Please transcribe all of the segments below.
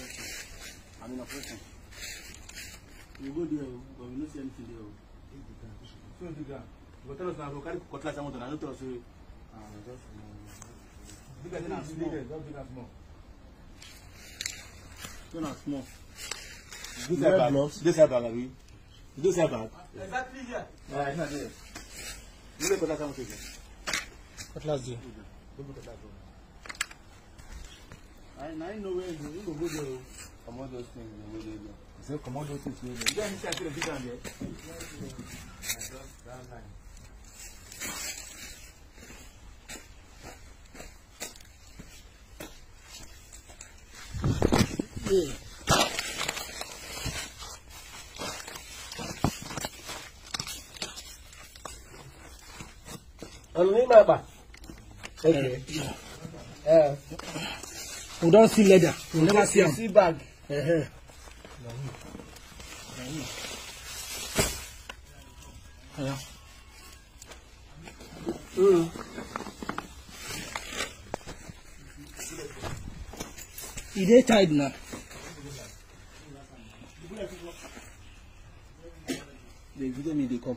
operation. I'm in operation. You go there, but we don't see anything there. Eight the gram. Two the gram. But tell us now, we carry cutlass and motor. tell us. Ah, uh, just bigger than small. Bigger, just bigger small. Bigger than small. This side bag. This side bag, This side bag. Exactly here. Yeah, it's not there. You go cutlass and motor. Cutlass there. Don't put that one. I now know where you go go there. Comot oh. those things, go there. You say comot those things. You don't need to take the down there. Just down line. Yeah. Okay. Yeah we don see leather we never see see bag. Uh-huh. Yeah. Mm. e dey tied na. the video me dey come.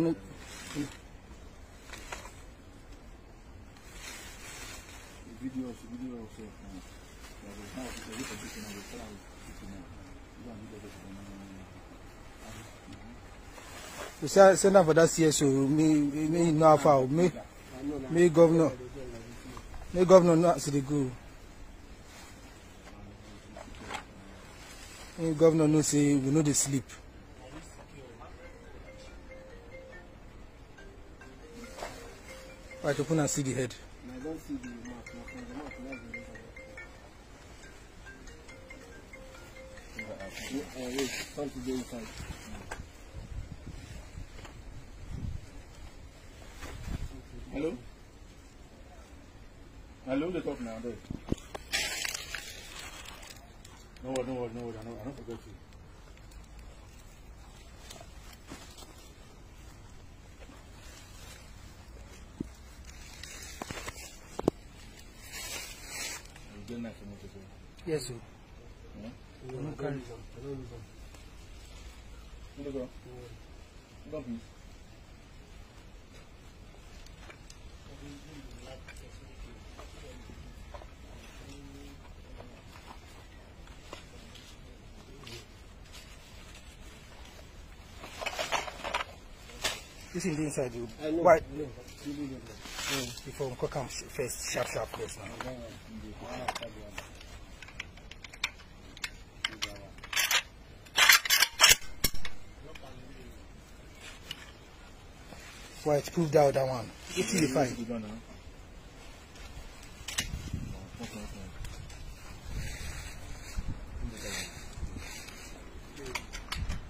Tunog. Video, video also. send send for that CSO. Me me no alpha. Me me governor. Me governor not city e go. Me governor no say we no dey sleep. I can and see the head. Hello? Hello, the top now, there. No, no, no, no, no, I don't forget you. Yes, sir. do No. carry them. Don't go. Don't This is inside you. I know. Why? No. Before we come first, sharp, sharp first now. Well, it proved out that one. It's really fine.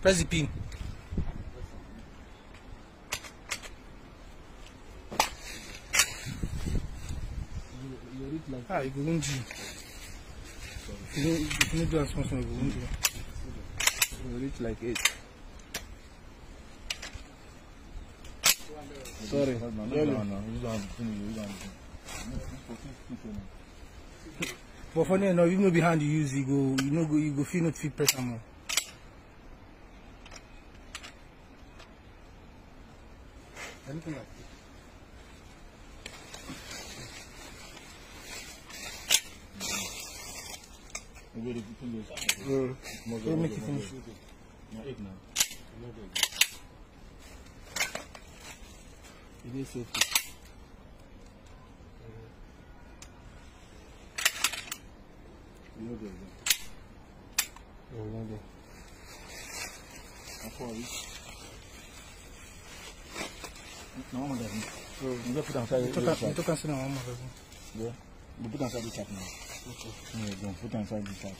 Press the pin. Ah, you won't do. You don't do as much as you won't do. You reach like eight. Sorry. But for now, You know behind you use, you go, you no go, you go feel not fit pressure more. Anything like this? Mm. Mm. Mm. Mm. Mm. Mm. Mm. Mm. Mm. Mm. Mm. Mm. It is safety. No go again. No, no go. That's all it. No one doesn't. So, you go put outside. You took us in a moment. Yeah. You put outside the chat now. Okay. Yeah, go put outside the chat.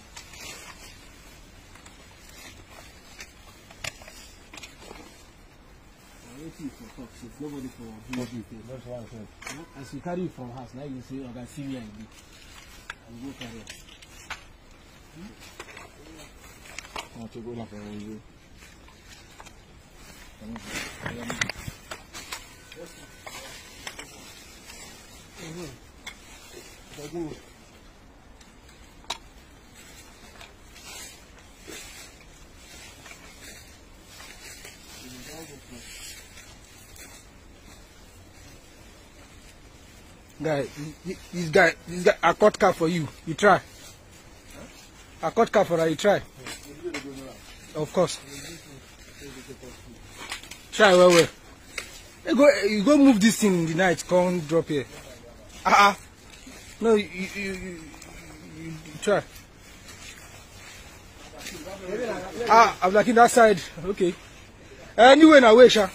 see for talk since nobody for do anything. That's what I As you carry from house, now you say, Oga, see where I be. And go carry it. Hmm? I'll take all of you. Thank you. guy, this guy, this guy, I caught car for you. You try. I caught car for her. You try. Of course. Try well, well. You go, you go move this thing in the night. Come drop here. Ah, uh -uh. no, you, you, you, you try. Ah, I'm like that side. Okay. Anyway, now wait, sir?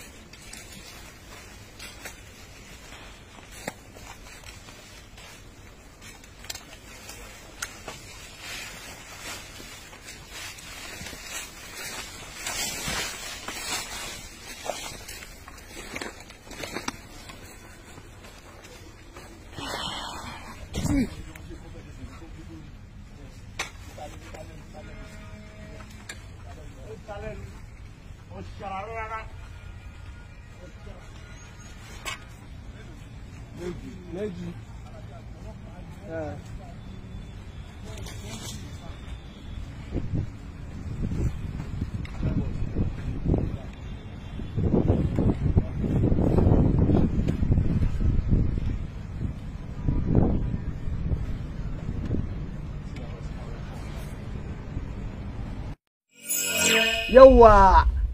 有啊。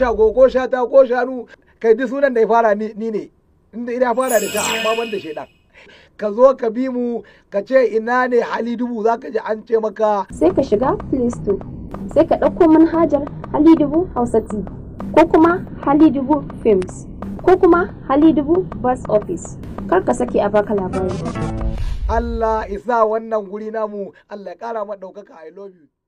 sha shago ko shata ko shanu kai duk sunan da ya fara ni ne inda ina fara da sha amma banda shaidan ka zo ka bi mu ka ce ina ne hali dubu za ka ji an ce maka sai ka shiga play store sai ka ɗauko manhajar hali dubu hausa t ko kuma hali dubu films ko kuma hali dubu bus office kar ka sake a baka labari Allah isa wannan guri namu Allah ya kara ma daukaka I love you